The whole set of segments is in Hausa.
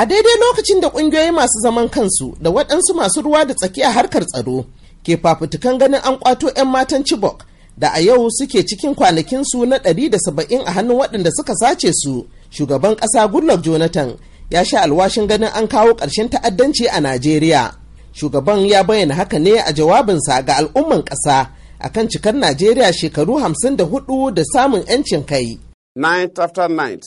a daidai lokacin da kungiyoyi masu zaman kansu da waɗansu masu ruwa da tsaki a harkar tsaro ke fafutukan ganin an kwato 'yan matan chibok da a yau suke cikin kwanakin kwanakinsu na 170 a hannun waɗanda suka sace su shugaban ƙasa goodluck jonathan ya sha alwashin ganin an kawo ƙarshen ta'addanci a najeriya shugaban ya bayyana haka ne a jawabinsa ga al'umman ƙasa akan cikar najeriya shekaru 54 da samun 'yancin kai night after night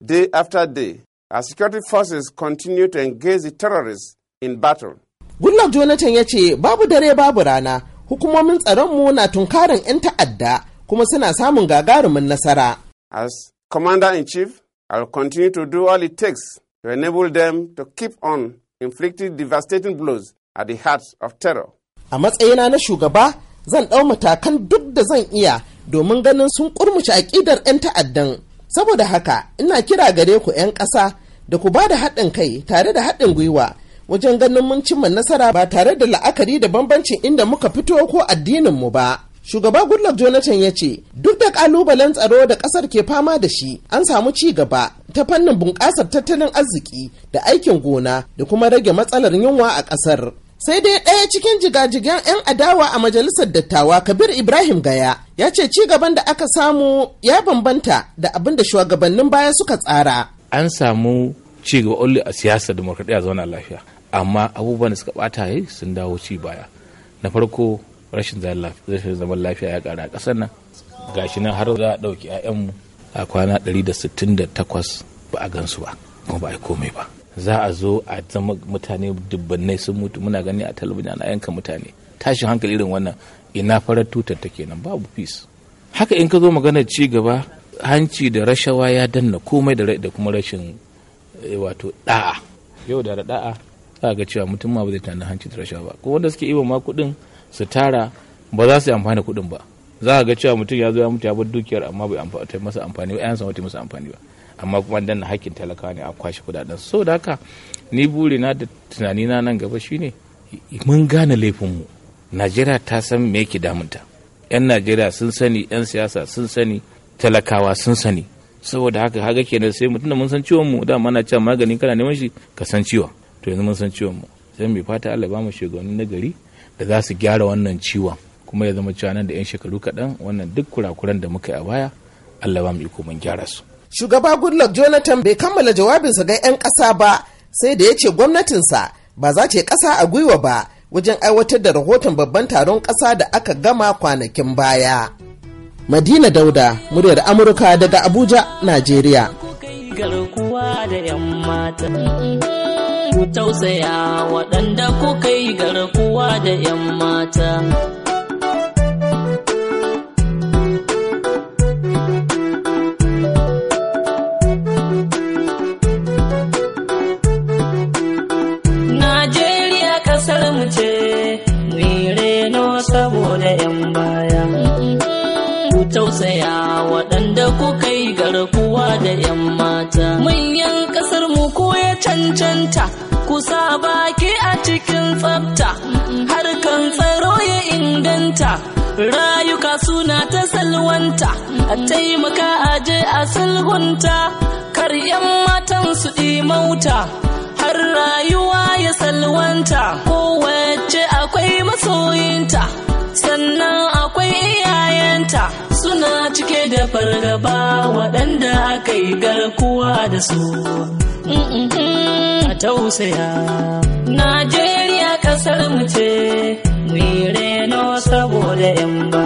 day after day Our security forces continue to engage the terrorists in battle. Goodluck Jonathan ya ce babu dare babu rana hukumomin tsaronmu na tunkarin 'yan ta'adda kuma suna samun gagarumin nasara. As Commander in Chief, I'll continue to do all it takes to enable them to keep on inflicting devastating blows at the heart of terror. A matsayina na shugaba zan ɗau matakan duk da zan iya domin ganin sun ƙurmuce aƙidar 'yan ta'addan. Saboda haka ina kira gare ku 'yan ƙasa da ku ba da haɗin kai tare da haɗin gwiwa wajen ganin mun cimma nasara ba tare da la'akari da bambancin inda muka fito ko addinin mu ba. Shugaba Goodluck Jonathan ya ce duk da ƙalubalen tsaro da ƙasar ke fama da shi an samu ci gaba ta fannin bunƙasar tattalin arziki da aikin gona da kuma rage matsalar yunwa a ƙasar. sai dai ɗaya cikin jigajigan 'yan adawa a majalisar dattawa kabir ibrahim gaya ya ce ci gaban da aka samu ya bambanta da abin da shugabannin baya suka tsara an samu Cigaba gaba a siyasar demokradiyya zauna lafiya amma abubuwan da suka bata yi sun dawo ci baya na farko rashin zaman lafiya ya kara kasar nan gashi nan har za a ɗauki 'ya'yanmu a kwana 168 ba a gansu ba kuma ba a yi komai ba za a zo a zama mutane dubbannai sun mutu muna gani a talabijin ana yanka mutane tashin hankali irin wannan ina farar tutar ta kenan babu peace haka in ka zo maganar ci gaba hanci da rashawa ya danna komai da kuma rashin Eh, wato da'a yau da da'a za ga cewa mutum ma ba zai tana hanci da rashawa ba kuma wanda suke iwa ma kuɗin su tara ba za su yi amfani da kuɗin ba za ga cewa mutum ya zo ya mutu ya bar dukiyar amma bai ta masa amfani ba ayan ba masa amfani ba amma kuma dan na hakkin talakawa ne a kwashe kuɗaɗen so da haka ni buri na da tunani na nan gaba shine mun gane laifinmu najeriya ta san me yake damunta 'yan najeriya sun sani 'yan siyasa sun sani talakawa sun sani saboda haka haka kenan sai mutum da mun san ciwon mu da mana cewa magani kana neman shi ka san ciwon to yanzu mun san ciwon mu sai mu fata Allah ba mu shugabanni na gari da za su gyara wannan ciwon kuma ya zama cewa nan da yan shekaru kaɗan wannan duk kurakuran da muka yi a baya Allah ba mu iko mun gyara su. Shugaba Goodluck Jonathan bai kammala jawabinsa ga 'yan ƙasa ba sai da ya ce gwamnatinsa ba za ta yi ƙasa a gwiwa ba wajen aiwatar da rahoton babban taron ƙasa da aka gama kwanakin baya. Madina Dauda, muryar Amurka daga Abuja, Najeriya. garkuwa da 'yan mata. Ku tausaya waɗanda ku kai garkuwa da 'yan mata. Najeriya ƙasar mu ce, mu reno saboda 'yan mata. tausaya waɗanda ku kai garkuwa da 'yan mata. Manyan ƙasar mu ko ya cancanta, kusa baki a cikin tsafta, harkan tsaro ya inganta, rayuka suna ta salwanta, a taimaka a je a sulhunta, kar 'yan matan su ɗi mauta, har rayuwa ya salwanta. suna cike da fargaba waɗanda aka yi garkuwa da su a tausaya najeriya ƙasar mu ce mu yi reno saboda 'yan ba